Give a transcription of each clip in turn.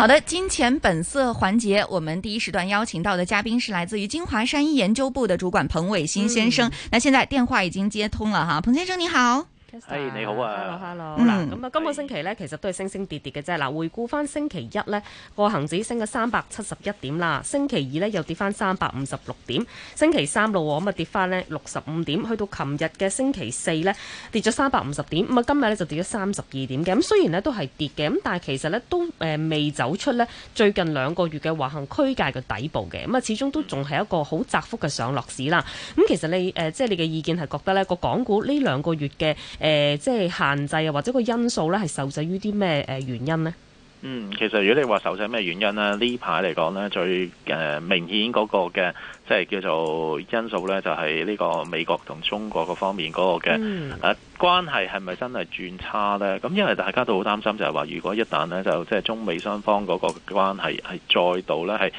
好的，金錢本色環節，我們第一時段邀請到的嘉賓是來自於京華山一研究部的主管彭偉新先生。嗯、那現在電話已經接通了哈，彭先生你好。Kester, hey, 你好啊！Hello，hello。咁啊，今個星期呢，其實都係升升跌跌嘅啫。嗱，回顧翻星期一呢，個恒指升咗三百七十一點啦。星期二呢，又跌翻三百五十六點。星期三咯，咁啊跌翻呢六十五點，去到琴日嘅星期四呢，跌咗三百五十點。咁啊，今日呢，就跌咗三十二點嘅。咁雖然呢都係跌嘅，咁但係其實呢都誒未走出呢最近兩個月嘅橫行區界嘅底部嘅。咁啊，始終都仲係一個好窄幅嘅上落市啦。咁其實你誒，即係你嘅意見係覺得呢個港股呢兩個月嘅？誒、呃，即係限制啊，或者個因素咧，係受制於啲咩誒原因呢？嗯，其實如果你話受制咩原因呢，呢排嚟講咧，最、最、呃、明顯嗰個嘅。即係叫做因素呢，就係、是、呢個美國同中國嗰方面嗰個嘅誒、嗯啊、關係係咪真係轉差呢？咁因為大家都好擔心就，就係話如果一旦呢，就即係中美雙方嗰個關係係再度呢，係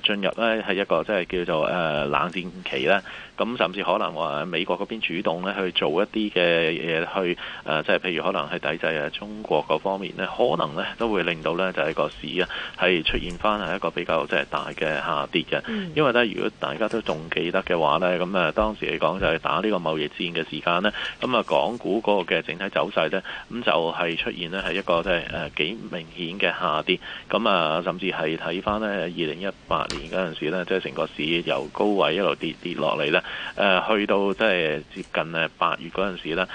誒進入呢，係一個即係叫做冷戰期呢。咁甚至可能話美國嗰邊主動呢去做一啲嘅嘢去即係、呃、譬如可能係抵制誒中國嗰方面呢，可能呢都會令到呢，就係個市啊係出現翻係一個比較即係大嘅下跌嘅，嗯、因為呢，如果。大家都仲記得嘅話呢，咁啊當時嚟講就係打呢個貿易戰嘅時間呢。咁啊港股嗰個嘅整體走勢呢，咁就係出現呢，係一個即係幾明顯嘅下跌，咁啊甚至係睇翻呢，二零一八年嗰陣時呢，即係成個市由高位一路跌跌落嚟呢。去到即係接近八月嗰陣時呢，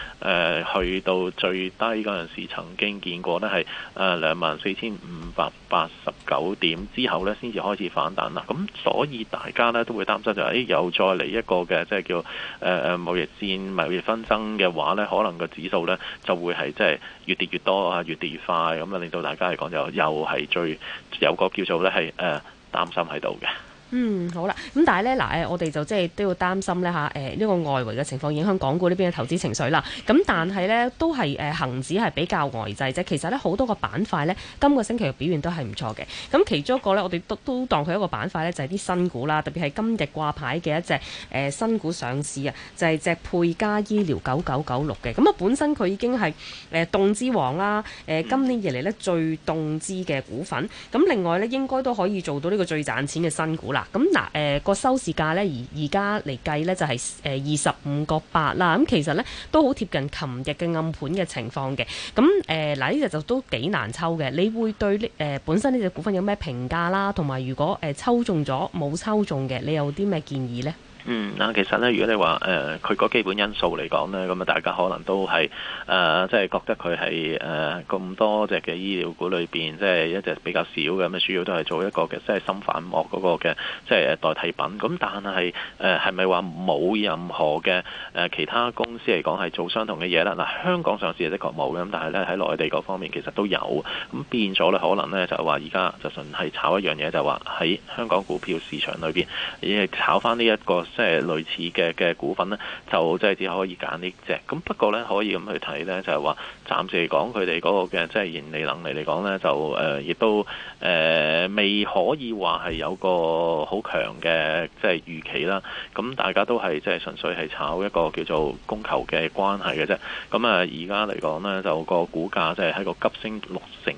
去到最低嗰陣時曾經見過呢，係誒兩萬四千五百八十九點之後呢，先至開始反彈啦。咁所以大家呢都會。佢擔心就係、是，有、哎、又再嚟一個嘅，即係叫誒誒貿易戰、貿易紛爭嘅話咧，可能個指數咧就會係即係越跌越多啊，越跌越快，咁、嗯、啊令到大家嚟講就又係最有個叫做咧係、呃、擔心喺度嘅。嗯，好啦，咁但係呢，嗱我哋就即係都要擔心呢。下、啊、呢、呃呢個外圍嘅情況影響港股呢邊嘅投資情緒啦。咁但係呢，都係誒、呃、恒指係比較呆滯啫。其實呢，好多個板塊呢，今個星期嘅表現都係唔錯嘅。咁其中一個呢，我哋都都當佢一個板塊呢，就係、是、啲新股啦，特別係今日掛牌嘅一隻、呃、新股上市啊，就係、是、隻沛嘉醫療九九九六嘅。咁、嗯、啊，本身佢已經係誒凍資王啦、呃，今年以嚟呢，最凍資嘅股份。咁另外呢，應該都可以做到呢個最賺錢嘅新股啦。咁嗱，誒個、呃、收市價咧，而而家嚟計咧，就係誒二十五個八啦，咁其實咧都好貼近琴日嘅暗盤嘅情況嘅。咁誒嗱呢隻就都幾難抽嘅，你會對呢誒、呃、本身呢隻股份有咩評價啦？同埋如果誒、呃、抽中咗冇抽中嘅，你有啲咩建議咧？嗯，嗱，其實咧，如果你話誒佢個基本因素嚟講咧，咁啊，大家可能都係誒，即、呃、係、就是、覺得佢係誒咁多隻嘅醫療股裏邊，即、就、係、是、一隻比較少嘅咁，主要都係做一個嘅，即係心反膜心瓣膜嗰個嘅，即係代替品。咁但係誒，係咪話冇任何嘅誒、呃、其他公司嚟講係做相同嘅嘢咧？嗱、呃，香港上市的確冇嘅，咁但係咧喺內地嗰方面其實都有，咁變咗咧，可能咧就係話而家就純係炒一樣嘢，就話喺香港股票市場裏邊，已係炒翻呢一個。即係類似嘅嘅股份呢，就即係只可以揀呢隻咁。不過呢，可以咁去睇呢，就係、是、話暫時嚟講，佢哋嗰個嘅即係盈利能力嚟講呢，就誒亦、呃、都誒、呃、未可以話係有個好強嘅即係預期啦。咁大家都係即係純粹係炒一個叫做供求嘅關係嘅啫。咁啊，而家嚟講呢，就個股價即係喺個急升六成。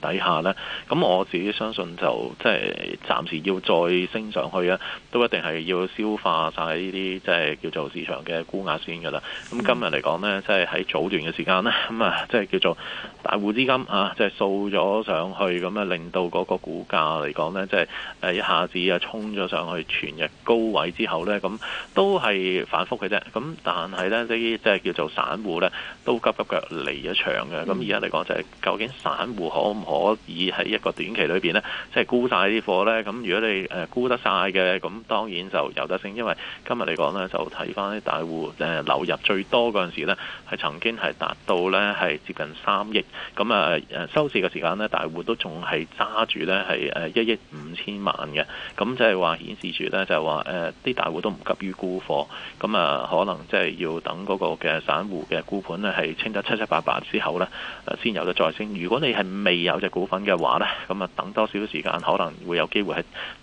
底下呢，咁我自己相信就即係暫時要再升上去啊，都一定係要消化曬呢啲即係叫做市場嘅沽壓先㗎啦。咁今日嚟講呢，即係喺早段嘅時間呢，咁啊即係叫做大戶資金啊，即係掃咗上去，咁啊令到嗰個股價嚟講呢，即係誒一下子啊衝咗上去全日高位之後呢，咁都係反覆嘅啫。咁但係呢，即係叫做散戶呢，都急急腳離咗場嘅。咁而家嚟講，就係究竟散戶好？可唔可以喺一個短期裏面、就是、呢？即係沽曬啲貨呢？咁如果你誒、呃、沽得曬嘅，咁當然就有得升，因為今日嚟講呢，就睇翻啲大戶、呃、流入最多嗰陣時呢，係曾經係達到呢，係接近三億。咁啊、呃、收市嘅時間呢，大戶都仲係揸住呢，係一億五千萬嘅。咁即係話顯示住呢，就話、是、啲、呃、大戶都唔急於沽貨。咁啊、呃、可能即係要等嗰個嘅散戶嘅沽盤呢，係清得七七八八之後呢，呃、先有得再升。如果你係未有隻股份嘅話咧，咁啊等多少時間可能會有機會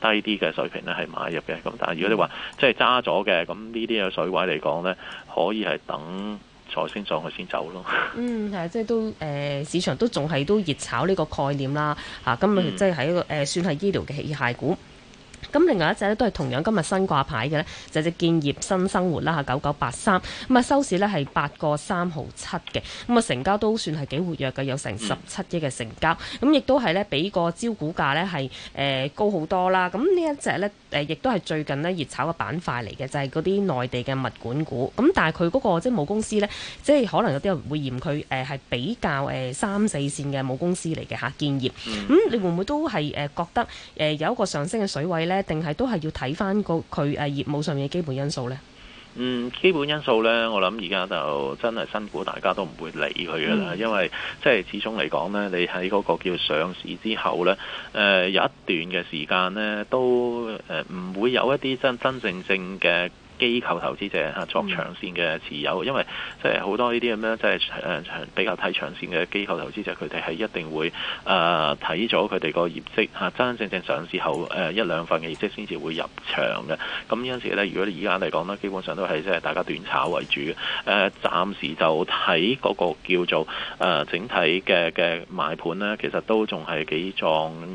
係低啲嘅水平咧係買入嘅。咁但係如果你話、嗯、即係揸咗嘅，咁呢啲嘅水位嚟講咧，可以係等再升上去先走咯。嗯，係即係都誒、呃、市場都仲係都熱炒呢個概念啦。嚇、啊，今日即係喺一個誒、嗯、算係醫療嘅器械股。咁另外一隻咧都係同樣今日新掛牌嘅咧，就係、是、隻建業新生活啦嚇，九九八三，咁啊收市咧係八個三毫七嘅，咁啊成交都算係幾活躍嘅，有成十七億嘅成交，咁亦都係咧比個招股價咧係、呃、高好多啦，咁呢一隻咧。誒，亦都係最近咧熱炒嘅板塊嚟嘅，就係嗰啲內地嘅物管股。咁但係佢嗰個即係母公司咧，即係可能有啲人會嫌佢誒係比較誒三四線嘅母公司嚟嘅吓，建業。咁你會唔會都係誒覺得誒有一個上升嘅水位咧？定係都係要睇返個佢誒業務上面嘅基本因素咧？嗯，基本因素呢，我諗而家就真係新股大家都唔會理佢噶啦，嗯、因為即係始終嚟講呢，你喺嗰個叫上市之後呢，誒、呃、有一段嘅時間呢，都誒唔會有一啲真真正正嘅。機構投資者嚇作長線嘅持有，因為即係好多呢啲咁樣，即係誒長比較睇長線嘅機構投資者，佢哋係一定會誒睇咗佢哋個業績嚇，真真正正上市後誒一兩份嘅業績先至會入場嘅。咁有陣時咧，如果你而家嚟講呢，基本上都係即係大家短炒為主嘅。誒，暫時就睇嗰個叫做誒整體嘅嘅買盤呢，其實都仲係幾壯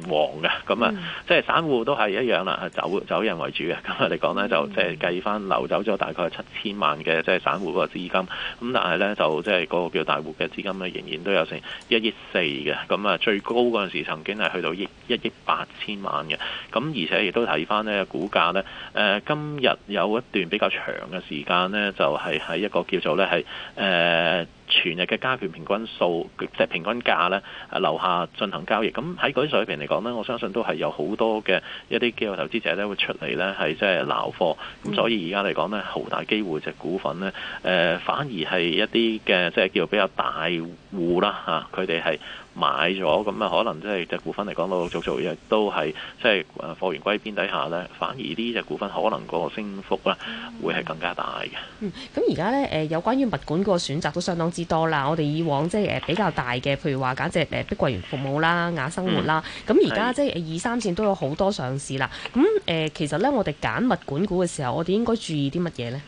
旺嘅。咁啊，即係散戶都係一樣啦，走走人為主嘅。咁我哋講呢，就即係計翻流走咗大概七千萬嘅即係散戶個資金，咁但係呢就即係嗰個叫大戶嘅資金呢，仍然都有成一億四嘅，咁啊最高嗰陣時曾經係去到一一億八千萬嘅，咁而且亦都睇翻呢股價呢，呃。今日有一段比較長嘅時間呢，就係、是、喺一個叫做呢係誒。全日嘅加權平均數即係平均價呢，樓下進行交易。咁喺嗰啲水平嚟講呢，我相信都係有好多嘅一啲機構投資者呢會出嚟呢，係即係撈貨。咁所以而家嚟講呢，好大機會隻股份呢，誒、呃、反而係一啲嘅即係叫做比較大戶啦嚇，佢哋係。買咗咁啊，可能即係隻股份嚟講，陸陸續續亦都係即係貨源歸邊底下咧，反而呢隻股份可能個升幅啦，會係更加大嘅。嗯，咁而家咧誒，有關於物管嗰個選擇都相當之多啦。我哋以往即係誒比較大嘅，譬如話簡直誒碧桂園服務啦、雅生活啦，咁而家即係二三線都有好多上市啦。咁誒、呃，其實咧我哋揀物管股嘅時候，我哋應該注意啲乜嘢咧？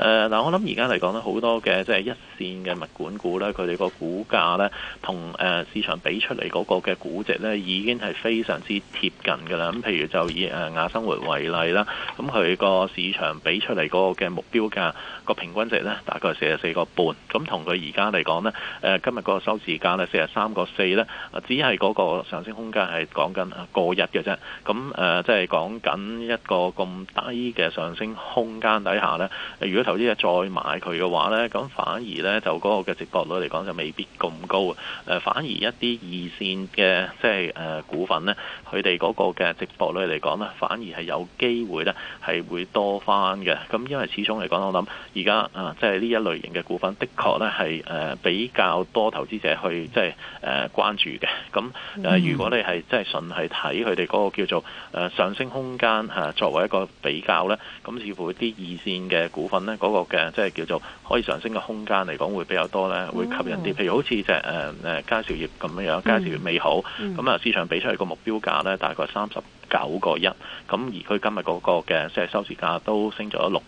誒嗱、呃，我諗而家嚟講呢，好多嘅即係一線嘅物管股呢，佢哋個股價呢，同市場俾出嚟嗰個嘅估值呢，已經係非常之貼近㗎啦。咁譬如就以誒雅生活為例啦，咁佢個市場俾出嚟嗰個嘅目標價、個平均值呢，大概四十四個半。咁同佢而家嚟講呢，呃、今日個收市價呢，四十三個四呢，只係嗰個上升空間係講緊個日嘅啫。咁即係講緊一個咁低嘅上升空間底下呢。如果有啲嘢再買佢嘅話呢，咁反而呢，就嗰個嘅值博率嚟講，就未必咁高啊！反而一啲二線嘅即係誒股份呢，佢哋嗰個嘅值博率嚟講呢，反而係有機會呢，係會多翻嘅。咁因為始終嚟講，我諗而家啊，即係呢一類型嘅股份，的確呢，係誒比較多投資者去即係誒關注嘅。咁誒、呃，如果你係即係純係睇佢哋嗰個叫做誒、呃、上升空間嚇、啊，作為一個比較呢，咁似乎一啲二線嘅股份呢。嗰個嘅即係叫做可以上升嘅空間嚟講會比較多咧，嗯、會吸引啲。嗯、譬如好似隻誒誒佳兆業咁樣樣，佳兆業美好，咁啊、嗯、市場俾出去個目標價咧大概三十九個一，咁而佢今日嗰個嘅即係收市價都升咗六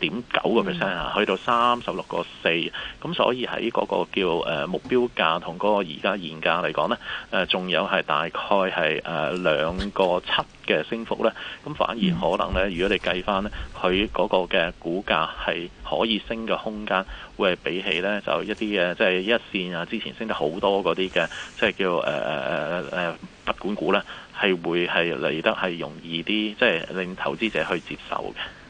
點九個 percent 啊，嗯、去到三十六個四，咁所以喺嗰個叫誒目標價同嗰個而家現價嚟講呢誒仲有係大概係誒兩個七嘅升幅呢咁反而可能呢，如果你計返咧，佢嗰個嘅股價係可以升嘅空間，會係比起呢就一啲嘅即係一線啊，之前升得好多嗰啲嘅，即、就、係、係、叫誒誒誒誒不管股呢，係會係嚟得係容易啲，即係令投資者去接受嘅。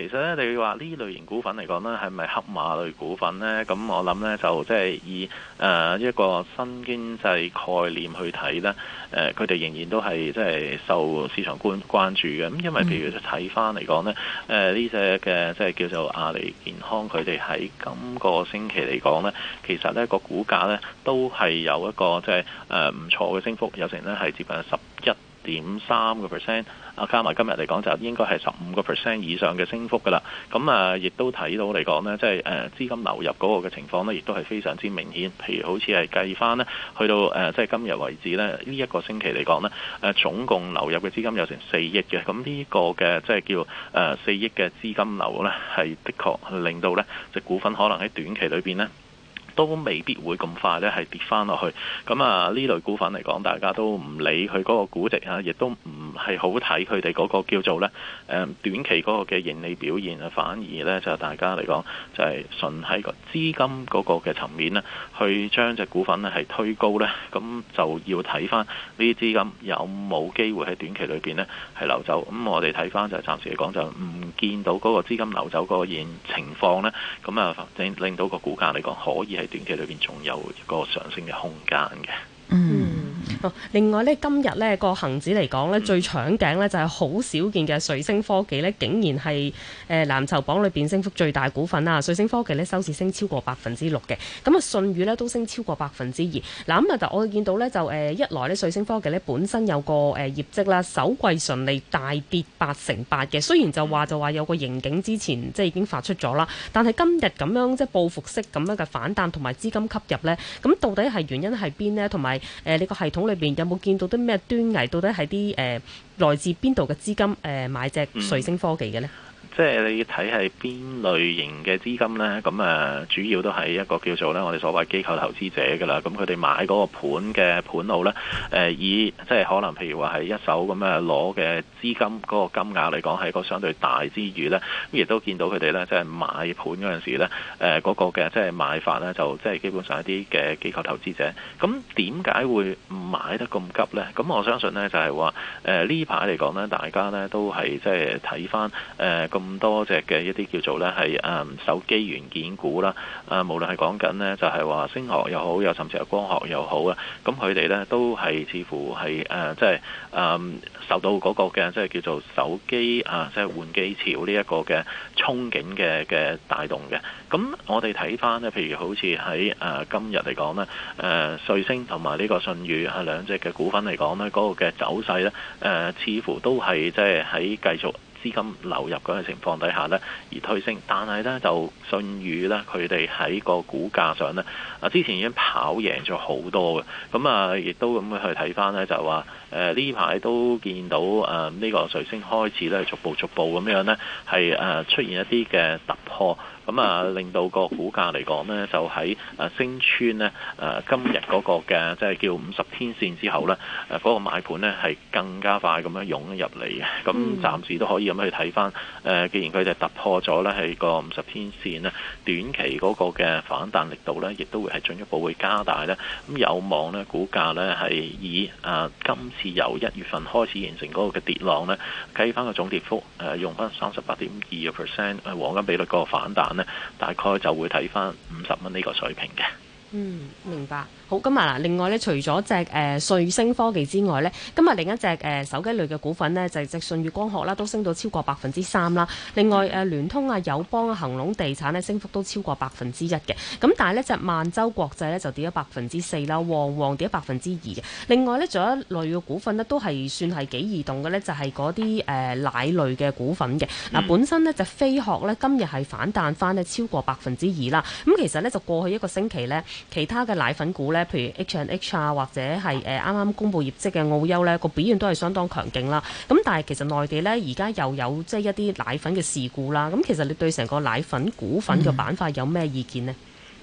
其實咧，你話呢類型股份嚟講，呢係咪黑馬類股份呢？咁我諗呢就即係以誒、呃、一個新經濟概念去睇呢。誒佢哋仍然都係即係受市場關關注嘅。咁因為譬如睇翻嚟講呢，誒呢隻嘅即係叫做阿里健康，佢哋喺今個星期嚟講呢，其實呢個股價呢都係有一個即係誒唔錯嘅升幅，有成呢係接近十一點三個 percent 啊，加埋今日嚟講，就應該係十五個 percent 以上嘅升幅㗎喇。咁啊，亦都睇到嚟講呢，即係誒資金流入嗰個嘅情況呢，亦都係非常之明顯。譬如好似係計返呢，去到誒即係今日為止呢，呢一個星期嚟講呢，誒總共流入嘅資金有成四億嘅。咁呢個嘅即係叫誒四億嘅資金流呢，係的確令到呢隻股份可能喺短期裏邊呢。都未必會咁快咧，係跌翻落去。咁啊，呢類股份嚟講，大家都唔理佢嗰個估值啊，亦都。係好睇佢哋嗰個叫做呢誒短期嗰個嘅盈利表現啊，反而呢就係大家嚟講，就係純喺個資金嗰個嘅層面呢去將隻股份咧係推高呢，咁就要睇翻呢啲資金有冇機會喺短期裏邊呢係流走。咁我哋睇翻就係暫時嚟講就唔見到嗰個資金流走嗰現情況呢。咁啊令到個股價嚟講可以喺短期裏邊仲有個上升嘅空間嘅。嗯，另外呢今日呢個恒指嚟講呢最搶鏡呢就係好少見嘅瑞星科技呢竟然係誒藍籌榜裏面升幅最大股份啊。瑞星科技呢收市升超過百分之六嘅，咁啊信譽呢都升超過百分之二。嗱，咁啊，我見到呢，就一來呢，瑞星科技呢本身有個誒業績啦，首季順利大跌八成八嘅，雖然就話就話有個盈警之前即係已經發出咗啦，但係今日咁樣即係報復式咁樣嘅反彈同埋資金吸入呢，咁到底係原因係邊呢？同埋誒、呃，你個系統裏邊有冇見到啲咩端倪？到底係啲誒來自邊度嘅資金誒、呃，買隻瑞聲科技嘅咧？即係你睇係邊類型嘅資金呢？咁誒主要都係一個叫做呢我哋所謂機構投資者㗎啦。咁佢哋買嗰個盤嘅盤路呢，呃、以即係可能譬如話係一手咁樣攞嘅資金嗰、嗰個金額嚟講，係一個相對大之餘呢。咁亦都見到佢哋呢，即、就、係、係、買盤嗰陣時呢，嗰、呃嗰個嘅即係買法呢，就即係基本上一啲嘅機構投資者。咁點解會買得咁急呢？咁我相信呢，就係話呢排嚟講呢，大家呢都係即係睇翻咁多隻嘅一啲叫做呢係誒、嗯、手機元件股啦，誒、啊、無論係講緊呢就係話聲學又好，又甚至係光學又好啦，咁佢哋呢都係似乎係即係誒受到嗰個嘅即係叫做手機啊，即係換機潮呢一個嘅憧憬嘅嘅帶動嘅。咁我哋睇翻呢，譬如好似喺、呃、今日嚟講呢、呃、瑞聲同埋呢個舜宇係兩隻嘅股份嚟講呢嗰、那個嘅走勢呢，呃、似乎都係即係喺繼續。資金流入嗰個情況底下呢，而推升，但係呢，就舜宇呢，佢哋喺個股價上呢，啊之前已經跑贏咗好多嘅，咁啊亦都咁樣去睇翻呢，就話誒呢排都見到誒呢、呃呢個瑞聲開始呢，逐步逐步咁樣呢，係誒、呃、出現一啲嘅突破。咁啊，令到個股價嚟講呢，就喺誒升穿呢誒、呃、今日嗰個嘅即係叫五十天線之後呢，嗰、嗰個買盤呢係更加快咁樣湧入嚟嘅。咁暫時都可以咁樣去睇翻、呃，既然佢哋突破咗呢，係個五十天線呢，短期嗰個嘅反彈力度呢，亦都會係進一步會加大呢。咁有望呢，股價呢係以誒、呃、今次由一月份開始形成嗰個嘅跌浪呢，計翻個總跌幅誒、呃，用翻三十八點二 percent 黃金比率嗰個反彈呢大概就會睇翻五十蚊呢個水平嘅。嗯，明白。好，咁啊，啦，另外咧，除咗隻誒瑞星科技之外咧，今日另一隻誒、呃、手機類嘅股份呢，就係、是、信譽光學啦，都升到超過百分之三啦。另外誒、呃、聯通啊、友邦啊、恒隆地產呢，升幅都超過百分之一嘅。咁但係呢隻萬洲國際呢，就跌咗百分之四啦，旺旺跌咗百分之二嘅。另外呢，仲有一類嘅股份呢，都係算係幾移動嘅呢，就係嗰啲誒奶類嘅股份嘅。嗱、嗯，本身呢就飛鶴呢，今日係反彈翻呢超過百分之二啦。咁、嗯、其實呢，就過去一個星期呢，其他嘅奶粉股呢。譬如 H and H 啊，或者係誒啱啱公布業績嘅澳優咧，個表現都係相當強勁啦。咁但係其實內地咧，而家又有即係一啲奶粉嘅事故啦。咁其實你對成個奶粉股份嘅板塊有咩意見呢？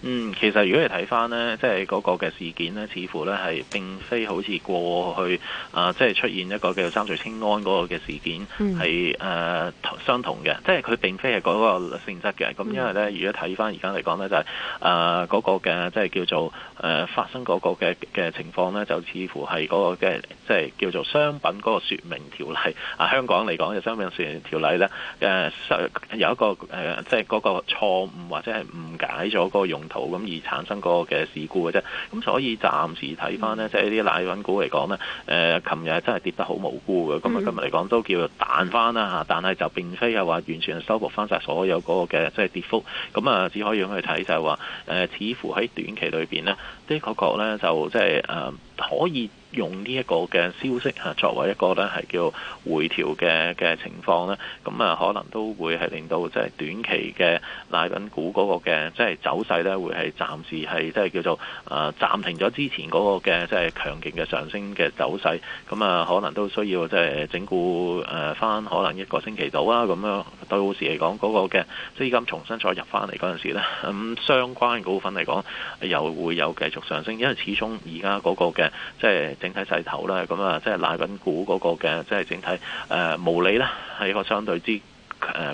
嗯，其實如果你睇翻咧，即係嗰個嘅事件咧，似乎咧係並非好似過去啊、呃，即係出現一個叫三聚氰胺嗰個嘅事件係誒、嗯呃、相同嘅，即係佢並非係嗰個性質嘅。咁因為咧，如果睇翻而家嚟講咧，就係誒嗰個嘅即係叫做誒、呃、發生嗰個嘅嘅情況咧，就似乎係嗰個嘅即係叫做商品嗰個説明條例啊，香港嚟講嘅商品說明條例咧誒、呃、有一個誒、呃、即係嗰個錯誤或者係誤解咗個用途。咁而產生嗰個嘅事故嘅啫，咁所以暫時睇翻呢，即係啲奶粉股嚟講呢，誒、呃，琴日係真係跌得好無辜嘅，咁啊今日嚟講都叫彈翻啦嚇，但係就並非係話完全收復翻晒所有嗰個嘅即係跌幅，咁啊只可以咁去睇就係話、呃、似乎喺短期裏邊呢，的確確呢，就即、就、係、是呃、可以。用呢一個嘅消息嚇作為一個咧係叫回調嘅嘅情況咧，咁啊可能都會係令到即係短期嘅奶粉股嗰個嘅即係走勢呢，會係暫時係即係叫做啊暫停咗之前嗰個嘅即係強勁嘅上升嘅走勢，咁啊可能都需要即係整固誒翻可能一個星期到啦。咁樣，到時嚟講嗰個嘅即係資金重新再入翻嚟嗰陣時咧，咁、嗯、相關股份嚟講又會有繼續上升，因為始終而家嗰個嘅即係。就是整體勢頭咧，咁啊，即係奶粉股嗰個嘅，即係整體誒毛利啦，係一個相對之誒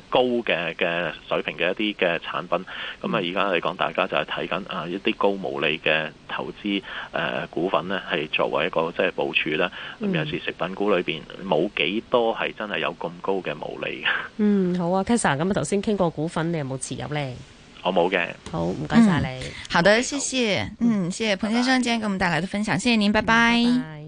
高嘅嘅水平嘅一啲嘅產品。咁啊，而家嚟講，大家就係睇緊啊一啲高毛利嘅投資誒股份呢，係作為一個即係部署啦。咁有時食品股裏邊冇幾多係真係有咁高嘅毛利嘅。嗯，好啊，Kesa，咁啊，頭先傾過股份，你有冇持有咧？我好冇嘅，好唔該晒你，嗯，好的，謝謝，好，嗯，謝謝彭先生今天給我們帶來的分享，嗯，謝謝您，拜拜。拜拜拜拜。